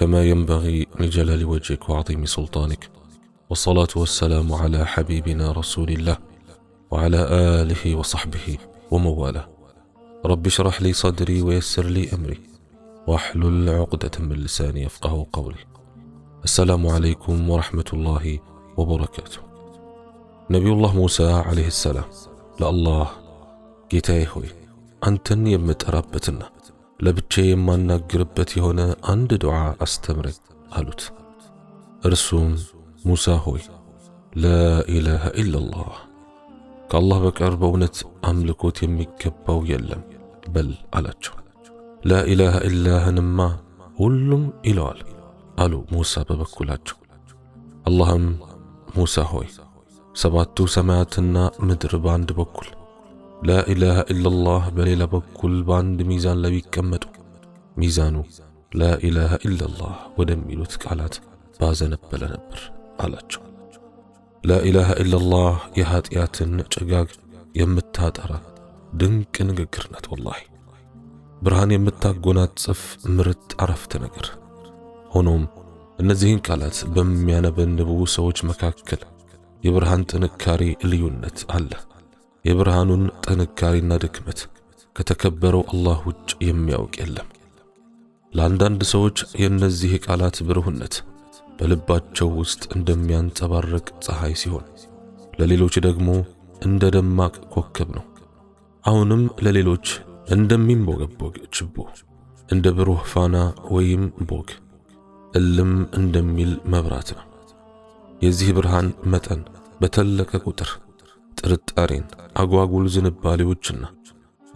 كما ينبغي لجلال وجهك وعظيم سلطانك والصلاة والسلام على حبيبنا رسول الله وعلى آله وصحبه ومواله رب اشرح لي صدري ويسر لي أمري واحلل عقدة من لساني يفقه قولي السلام عليكم ورحمة الله وبركاته نبي الله موسى عليه السلام لالله الله هوي أنتن يمت رابتنا ለብቻ የማናግርበት የሆነ አንድ ዱዓ አስተምረኝ አሉት። እርሱም ሙሳ ሆይ ላኢላሃ ኢላላህ ከአላህ በቀር በእውነት አምልኮት የሚገባው የለም በል አላቸው። ላኢላሃ ኢላህንማ ሁሉም ይለዋል አሉ ሙሳ በበኩላቸው። አላህም ሙሳ ሆይ ሰባቱ ሰማያትና ምድር በአንድ በኩል ላኢላሃ ኢላላህ በሌላ በኩል በአንድ ሚዛን ላይ ቢቀመጡ ሚዛኑ ላኢላሃ ኢላላህ ወደሚሉት ቃላት ባዘነበለ ነበር አላቸው። ላኢላሃ ኢላላህ የኀጢአትን ጭጋግ የምታጠራ ድንቅ ንግግር ናት። ወላሂ ብርሃን የምታጎናጽፍ ምርጥ አረፍተ ነገር። ሆኖም እነዚህን ቃላት በሚያነበንቡ ሰዎች መካከል የብርሃን ጥንካሬ ልዩነት አለ። የብርሃኑን ጥንካሬና ድክመት ከተከበረው አላህ ውጭ የሚያውቅ የለም። ለአንዳንድ ሰዎች የእነዚህ ቃላት ብሩህነት በልባቸው ውስጥ እንደሚያንጸባርቅ ፀሐይ ሲሆን፣ ለሌሎች ደግሞ እንደ ደማቅ ኮከብ ነው። አሁንም ለሌሎች እንደሚንቦገቦግ ችቦ፣ እንደ ብሩህ ፋና ወይም ቦግ እልም እንደሚል መብራት ነው። የዚህ ብርሃን መጠን በተለቀ ቁጥር ጥርጣሬን፣ አጓጉል ዝንባሌዎችና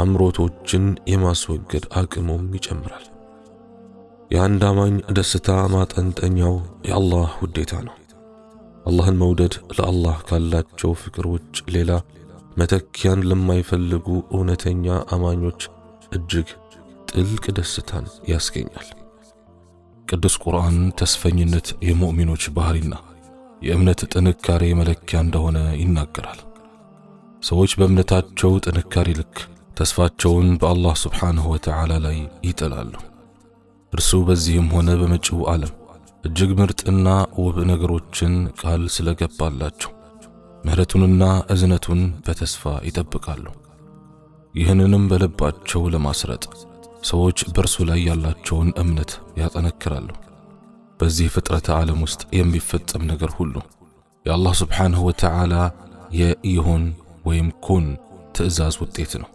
አምሮቶችን የማስወገድ አቅሙም ይጨምራል። የአንድ አማኝ ደስታ ማጠንጠኛው የአላህ ውዴታ ነው። አላህን መውደድ ለአላህ ካላቸው ፍቅሮች ሌላ መተኪያን ለማይፈልጉ እውነተኛ አማኞች እጅግ ጥልቅ ደስታን ያስገኛል። ቅዱስ ቁርአን ተስፈኝነት የሙእሚኖች ባህሪና የእምነት ጥንካሬ መለኪያ እንደሆነ ይናገራል። ሰዎች በእምነታቸው ጥንካሬ ልክ ተስፋቸውን በአላህ ስብሓንሁ ወተዓላ ላይ ይጥላሉ። እርሱ በዚህም ሆነ በመጪው ዓለም እጅግ ምርጥና ውብ ነገሮችን ቃል ስለገባላቸው ምሕረቱንና እዝነቱን በተስፋ ይጠብቃሉ። ይህንንም በልባቸው ለማስረጥ ሰዎች በእርሱ ላይ ያላቸውን እምነት ያጠነክራሉ። በዚህ ፍጥረተ ዓለም ውስጥ የሚፈጸም ነገር ሁሉ የአላህ ስብሓንሁ ወተዓላ የይሆን ወይም ኩን ትዕዛዝ ውጤት ነው።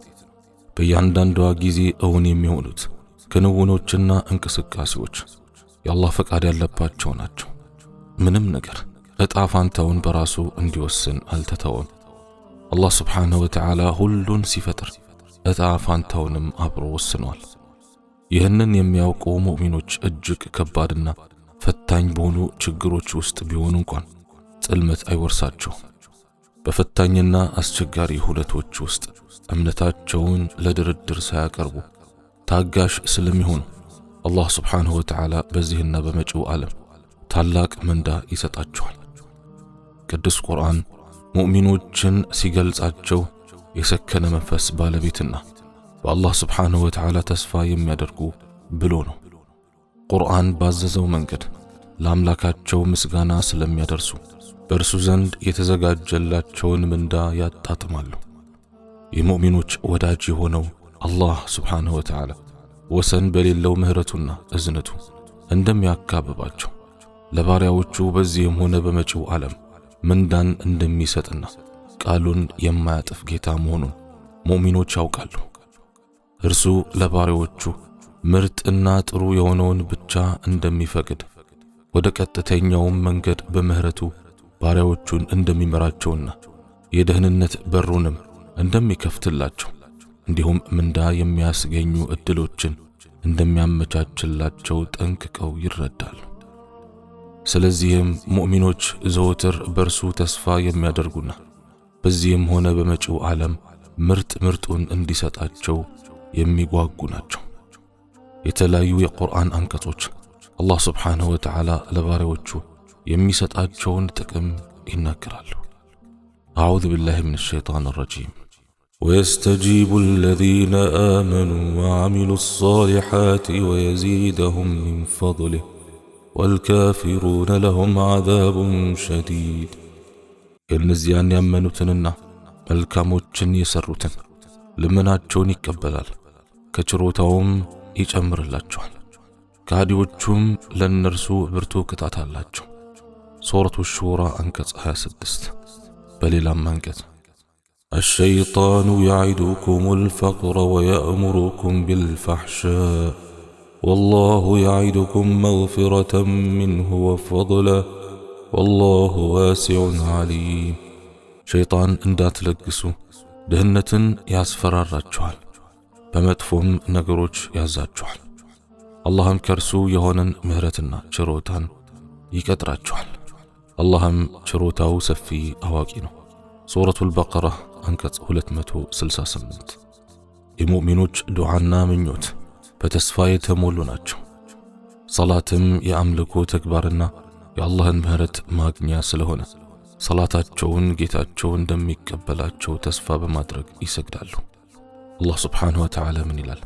በእያንዳንዷ ጊዜ እውን የሚሆኑት ክንውኖችና እንቅስቃሴዎች የአላህ ፈቃድ ያለባቸው ናቸው። ምንም ነገር እጣ ፋንታውን በራሱ እንዲወስን አልተተወም። አላህ ስብሓንሁ ወተዓላ ሁሉን ሲፈጥር እጣ ፋንታውንም አብሮ ወስኗል። ይህንን የሚያውቁ ሙእሚኖች እጅግ ከባድና ፈታኝ በሆኑ ችግሮች ውስጥ ቢሆኑ እንኳን ጽልመት አይወርሳቸውም። በፈታኝና አስቸጋሪ ሁለቶች ውስጥ እምነታቸውን ለድርድር ሳያቀርቡ ታጋሽ ስለሚሆኑ አላህ ስብሓንሁ ወተዓላ በዚህና በመጪው ዓለም ታላቅ ምንዳ ይሰጣቸዋል። ቅዱስ ቁርአን ሙእሚኖችን ሲገልጻቸው የሰከነ መንፈስ ባለቤትና በአላህ ስብሓንሁ ወተዓላ ተስፋ የሚያደርጉ ብሎ ነው። ቁርአን ባዘዘው መንገድ ለአምላካቸው ምስጋና ስለሚያደርሱ በእርሱ ዘንድ የተዘጋጀላቸውን ምንዳ ያጣጥማሉ። የሙእሚኖች ወዳጅ የሆነው አላህ ስብሓንሁ ወተዓላ ወሰን በሌለው ምሕረቱና እዝነቱ እንደሚያካብባቸው ለባሪያዎቹ በዚህም ሆነ በመጪው ዓለም ምንዳን እንደሚሰጥና ቃሉን የማያጥፍ ጌታ መሆኑን ሙእሚኖች ያውቃሉ። እርሱ ለባሪያዎቹ ምርጥና ጥሩ የሆነውን ብቻ እንደሚፈቅድ ወደ ቀጥተኛውም መንገድ በምሕረቱ ባሪያዎቹን እንደሚመራቸውና የደህንነት በሩንም እንደሚከፍትላቸው እንዲሁም ምንዳ የሚያስገኙ እድሎችን እንደሚያመቻችላቸው ጠንቅቀው ይረዳሉ። ስለዚህም ሙእሚኖች ዘወትር በርሱ ተስፋ የሚያደርጉና በዚህም ሆነ በመጪው ዓለም ምርጥ ምርጡን እንዲሰጣቸው የሚጓጉ ናቸው። የተለያዩ የቁርአን አንቀጾች አላህ ስብሓንሁ ወተዓላ ለባሪያዎቹ የሚሰጣቸውን ጥቅም ይናገራሉ። አዑዝ ቢላህ ምን ሸይጣን ረጂም ويستجيب الذين آمنوا وعملوا الصالحات ويزيدهم من فضله والكافرون لهم عذاب شديد እነዚያን ያመኑትንና መልካሞችን የሰሩትን ልመናቸውን ይቀበላል፣ ከችሮታውም ይጨምርላቸዋል። ከሃዲዎቹም ለእነርሱ ብርቱ ቅጣት አላቸው። سورة الشورى أنكتها سدست بل لما منكت الشيطان يعدكم الفقر ويأمركم بالفحشاء والله يعدكم مغفرة منه وفضلا والله واسع عليم شيطان اندات لقسو دهنة ياسفر الرجوال بمدفهم نقروش يازاجوال اللهم كرسو يهونن مهرتنا شروتان يكتر الرجوال አላህም ችሮታው ሰፊ አዋቂ ነው። ሱረቱል በቀራ አንቀጽ 268 የሙእሚኖች ዱዓና ምኞት በተስፋ የተሞሉ ናቸው። ሰላትም የአምልኮ ተግባርና የአላህን ምሕረት ማግኛ ስለሆነ ሰላታቸውን ጌታቸው እንደሚቀበላቸው ተስፋ በማድረግ ይሰግዳሉ። አላህ ስብሓንሁ ወተዓላ ምን ይላል?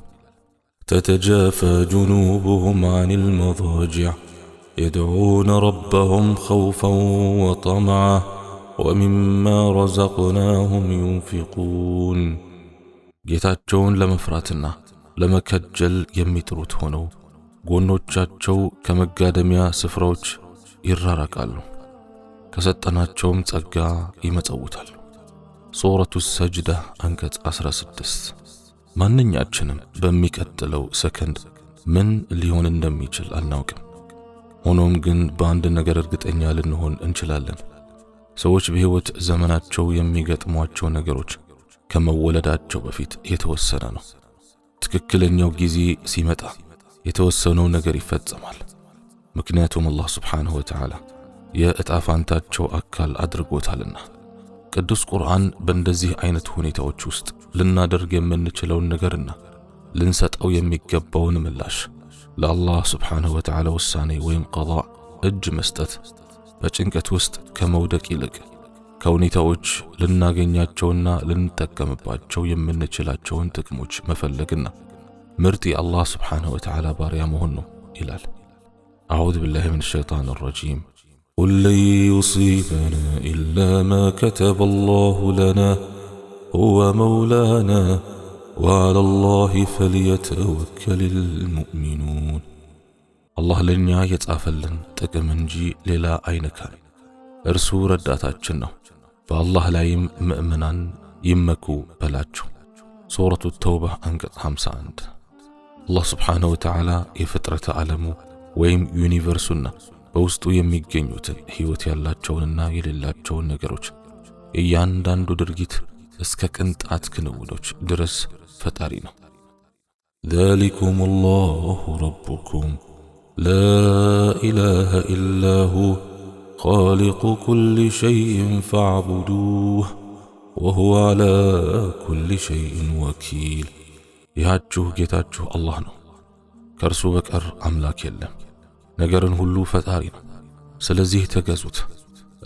ተተጀፈ ጁኑቡሁም አኒል መዳጂዕ يدعون ربهم خوفا وطمعا ومما رزقناهم ينفقون ጌታቸውን ለመፍራትና ለመከጀል የሚጥሩት ሆነው ጎኖቻቸው ከመጋደሚያ ስፍራዎች ይራራቃሉ፣ ከሰጠናቸውም ጸጋ ይመጸውታሉ ሱረቱ ሰጅዳ አንቀጽ 16 ማንኛችንም በሚቀጥለው ሰከንድ ምን ሊሆን እንደሚችል አናውቅም። ሆኖም ግን በአንድ ነገር እርግጠኛ ልንሆን እንችላለን። ሰዎች በሕይወት ዘመናቸው የሚገጥሟቸው ነገሮች ከመወለዳቸው በፊት የተወሰነ ነው። ትክክለኛው ጊዜ ሲመጣ የተወሰነው ነገር ይፈጸማል። ምክንያቱም አላህ ስብሓንሁ ወተዓላ የእጣ ፋንታቸው አካል አድርጎታልና። ቅዱስ ቁርአን በእንደዚህ አይነት ሁኔታዎች ውስጥ ልናደርግ የምንችለውን ነገርና ልንሰጠው የሚገባውን ምላሽ لله سبحانه وتعالى وساني وين قضاء اج مستت بچنك توست كمودك إلك كوني توج لنا غنيات جونا لنتك يمن جلات جون تكموج مفلقنا مرتي الله سبحانه وتعالى باريا مهنو إلال أعوذ بالله من الشيطان الرجيم قل لن يصيبنا إلا ما كتب الله لنا هو مولانا وعلى الله فليتوكل المؤمنون አላህ ለእኛ የጻፈልን ጥቅም እንጂ ሌላ አይነካል። እርሱ ረዳታችን ነው። በአላህ ላይም ምእምናን ይመኩ በላቸው። ሱረቱ ተውባ አንቀጽ 51 አላህ ስብሓነሁ ወተዓላ የፍጥረተ ዓለሙ ወይም ዩኒቨርሱና በውስጡ የሚገኙትን ሕይወት ያላቸውንና የሌላቸውን ነገሮች እያንዳንዱ ድርጊት እስከ ቅንጣት ክንውኖች ድረስ ፈጣሪ ነው። ዛሊኩም አላሁ ረቡኩም ላ ኢላሃ ኢላሁ ኻሊቁ ኩሊ ሸይን ፈዕቡዱህ ወሁወ ዓላ ኩሊ ሸይን ወኪል። ይሃችሁ ጌታችሁ አላህ ነው፣ ከእርሱ በቀር አምላክ የለም። ነገርን ሁሉ ፈጣሪ ነው። ስለዚህ ተገዙት፣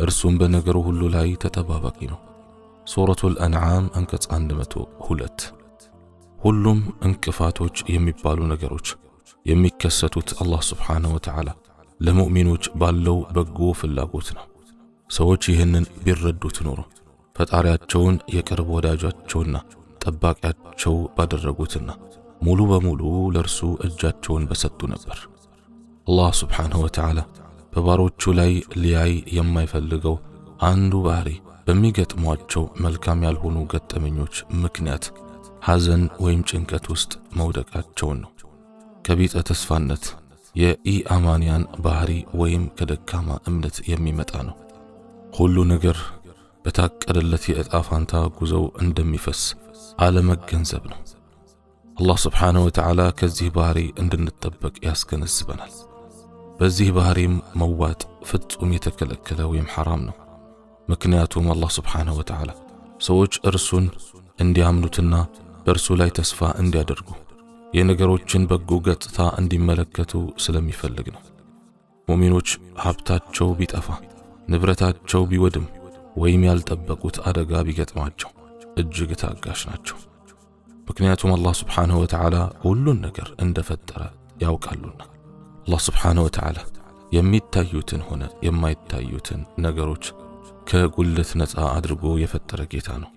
እርሱም በነገሩ ሁሉ ላይ ተጠባባቂ ነው። ሱረቱል አንዓም አንቀጽ 102 ሁሉም እንቅፋቶች የሚባሉ ነገሮች የሚከሰቱት አላህ ስብሓንሁ ወተዓላ ለሙእሚኖች ባለው በጎ ፍላጎት ነው። ሰዎች ይህንን ቢረዱት ኖሮ ፈጣሪያቸውን የቅርብ ወዳጃቸውና ጠባቂያቸው ባደረጉትና ሙሉ በሙሉ ለእርሱ እጃቸውን በሰጡ ነበር። አላህ ስብሓንሁ ወተዓላ በባሮቹ ላይ ሊያይ የማይፈልገው አንዱ ባሪ። በሚገጥሟቸው መልካም ያልሆኑ ገጠመኞች ምክንያት ሐዘን ወይም ጭንቀት ውስጥ መውደቃቸውን ነው። ከቢጠ ተስፋነት የኢአማንያን ባህሪ ወይም ከደካማ እምነት የሚመጣ ነው። ሁሉ ነገር በታቀደለት የዕጣ ፋንታ ጉዞው እንደሚፈስ አለመገንዘብ ነው። አላህ ስብሓነሁ ወተዓላ ከዚህ ባህሪ እንድንጠበቅ ያስገነዝበናል። በዚህ ባህሪም መዋጥ ፍጹም የተከለከለ ወይም ሐራም ነው። ምክንያቱም አላህ ስብሓንሁ ወተዓላ ሰዎች እርሱን እንዲያምኑትና በእርሱ ላይ ተስፋ እንዲያደርጉ የነገሮችን በጎ ገጽታ እንዲመለከቱ ስለሚፈልግ ነው። ሙሚኖች ሀብታቸው ቢጠፋ፣ ንብረታቸው ቢወድም ወይም ያልጠበቁት አደጋ ቢገጥማቸው እጅግ ታጋሽ ናቸው። ምክንያቱም አላህ ስብሓንሁ ወተዓላ ሁሉን ነገር እንደፈጠረ ያውቃሉና። አላህ ስብሓንሁ ወተዓላ የሚታዩትን ሆነ የማይታዩትን ነገሮች ከጉልት ነፃ አድርጎ የፈጠረ ጌታ ነው።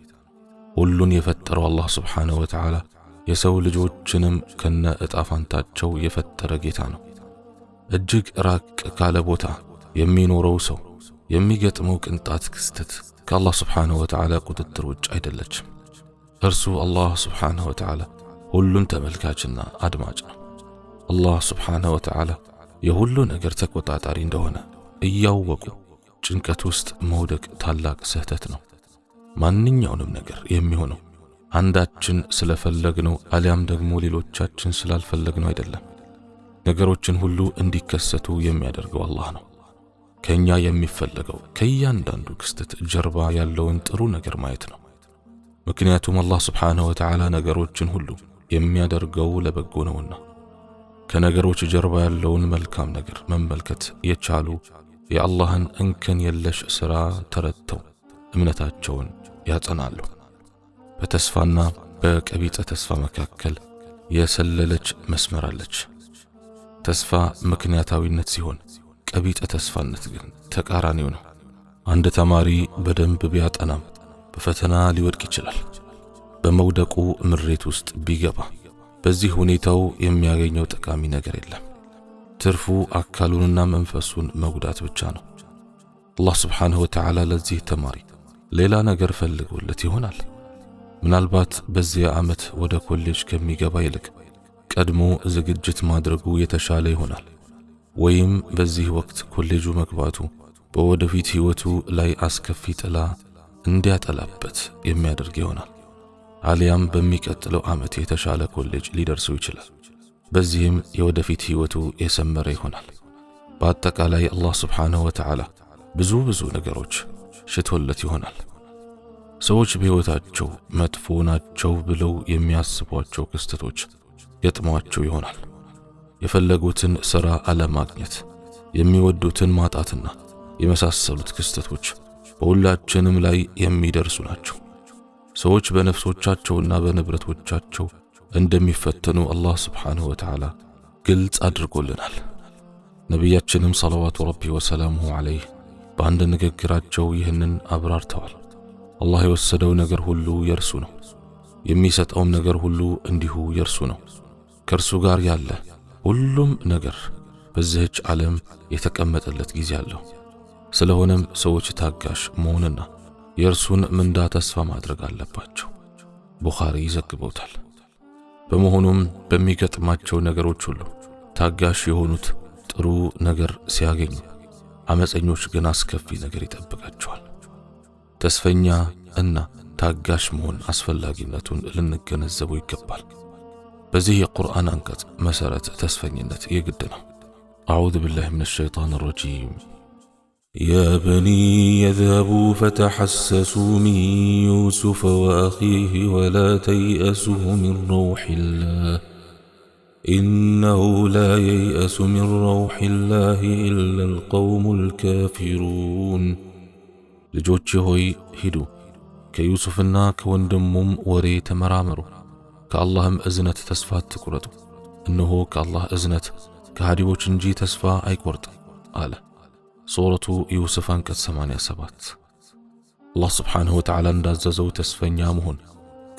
ሁሉን የፈጠረው አላህ ስብሓንሁ ወተዓላ የሰው ልጆችንም ከነ እጣፋንታቸው የፈጠረ ጌታ ነው። እጅግ ራቅ ካለ ቦታ የሚኖረው ሰው የሚገጥመው ቅንጣት ክስተት ከአላህ ስብሓንሁ ወተዓላ ቁጥጥር ውጭ አይደለችም። እርሱ አላህ ስብሓንሁ ወተዓላ ሁሉን ተመልካችና አድማጭ ነው። አላህ ስብሓንሁ ወተዓላ የሁሉ ነገር ተቆጣጣሪ እንደሆነ እያወቁ ጭንቀት ውስጥ መውደቅ ታላቅ ስህተት ነው። ማንኛውንም ነገር የሚሆነው አንዳችን ስለፈለግነው አሊያም ደግሞ ሌሎቻችን ስላልፈለግነው አይደለም። ነገሮችን ሁሉ እንዲከሰቱ የሚያደርገው አላህ ነው። ከእኛ የሚፈለገው ከእያንዳንዱ ክስተት ጀርባ ያለውን ጥሩ ነገር ማየት ነው። ምክንያቱም አላህ ስብሓነሁ ወተዓላ ነገሮችን ሁሉ የሚያደርገው ለበጎ ነውና ከነገሮች ጀርባ ያለውን መልካም ነገር መመልከት የቻሉ የአላህን እንከን የለሽ ሥራ ተረድተው እምነታቸውን ያጸናሉ። በተስፋና በቀቢጸ ተስፋ መካከል የሰለለች መስመር አለች። ተስፋ ምክንያታዊነት ሲሆን፣ ቀቢጸ ተስፋነት ግን ተቃራኒው ነው። አንድ ተማሪ በደንብ ቢያጠናም በፈተና ሊወድቅ ይችላል። በመውደቁ ምሬት ውስጥ ቢገባ በዚህ ሁኔታው የሚያገኘው ጠቃሚ ነገር የለም። ትርፉ አካሉንና መንፈሱን መጉዳት ብቻ ነው። አላህ ስብሓንሁ ወተዓላ ለዚህ ተማሪ ሌላ ነገር ፈልጎለት ይሆናል። ምናልባት በዚያ ዓመት ወደ ኮሌጅ ከሚገባ ይልቅ ቀድሞ ዝግጅት ማድረጉ የተሻለ ይሆናል። ወይም በዚህ ወቅት ኮሌጁ መግባቱ በወደፊት ሕይወቱ ላይ አስከፊ ጥላ እንዲያጠላበት የሚያደርግ ይሆናል። አሊያም በሚቀጥለው ዓመት የተሻለ ኮሌጅ ሊደርሰው ይችላል። በዚህም የወደፊት ሕይወቱ የሰመረ ይሆናል። በአጠቃላይ አላህ ስብሓንሁ ወተዓላ ብዙ ብዙ ነገሮች ሽቶለት ይሆናል። ሰዎች በሕይወታቸው መጥፎ ናቸው ብለው የሚያስቧቸው ክስተቶች ገጥሟቸው ይሆናል። የፈለጉትን ሥራ አለማግኘት፣ የሚወዱትን ማጣትና የመሳሰሉት ክስተቶች በሁላችንም ላይ የሚደርሱ ናቸው። ሰዎች በነፍሶቻቸውና በንብረቶቻቸው እንደሚፈተኑ አላህ ስብሓንሁ ወተዓላ ግልጽ አድርጎልናል። ነቢያችንም ሰለዋቱ ረቢ ወሰላሙሁ ዓለይህ በአንድ ንግግራቸው ይህንን አብራርተዋል። አላህ የወሰደው ነገር ሁሉ የርሱ ነው፣ የሚሰጠውም ነገር ሁሉ እንዲሁ የርሱ ነው። ከእርሱ ጋር ያለ ሁሉም ነገር በዚህች ዓለም የተቀመጠለት ጊዜ አለው። ስለሆነም ሰዎች ታጋሽ መሆንና የእርሱን ምንዳ ተስፋ ማድረግ አለባቸው። ቡኻሪ ይዘግበውታል። በመሆኑም በሚገጥማቸው ነገሮች ሁሉ ታጋሽ የሆኑት ጥሩ ነገር ሲያገኙ፣ አመፀኞች ግን አስከፊ ነገር ይጠብቃቸዋል። ተስፈኛ እና ታጋሽ መሆን አስፈላጊነቱን ልንገነዘቡ ይገባል። በዚህ የቁርአን አንቀጽ መሰረት ተስፈኝነት የግድ ነው። አዑዝ ቢላህ ምን ሸይጣን ረጂም يا بني يذهبوا فتحسسوا من يوسف وأخيه ولا تيأسوا من روح الله إنه لا ييأس من روح الله إلا القوم الكافرون هوي هدو كيوسف الناك وندمم وريت مرامرو كاللهم أزنت تسفات تكرتو إنه كالله أزنت كهدي وشنجي تسفا أي كورتو آله ሱረቱ ዩስፍ አንቀጽ 87 አላህ ስብሓንሁ ወተዓላ እንዳዘዘው ተስፈኛ መሆን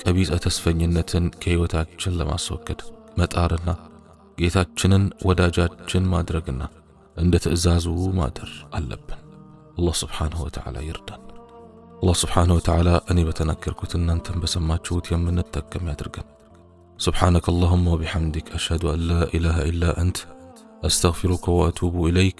ቀቢጸ ተስፈኝነትን ከሕይወታችን ለማስወገድ መጣርና ጌታችንን ወዳጃችን ማድረግና እንደ ትእዛዙ ማደር አለብን። አላህ ስብሓንሁ ወተዓላ ይርዳን። አላህ ስብሓንሁ ወተዓላ እኔ በተናገርኩት እናንተን በሰማችሁት የምንጠቀም ያድርገን። ስብሓነከ አላሁማ ወቢሐምዲክ አሽሃዱ አን ላ ኢላሃ ኢላ አንት አስተግፊሩከ ወአቱቡ ኢለይክ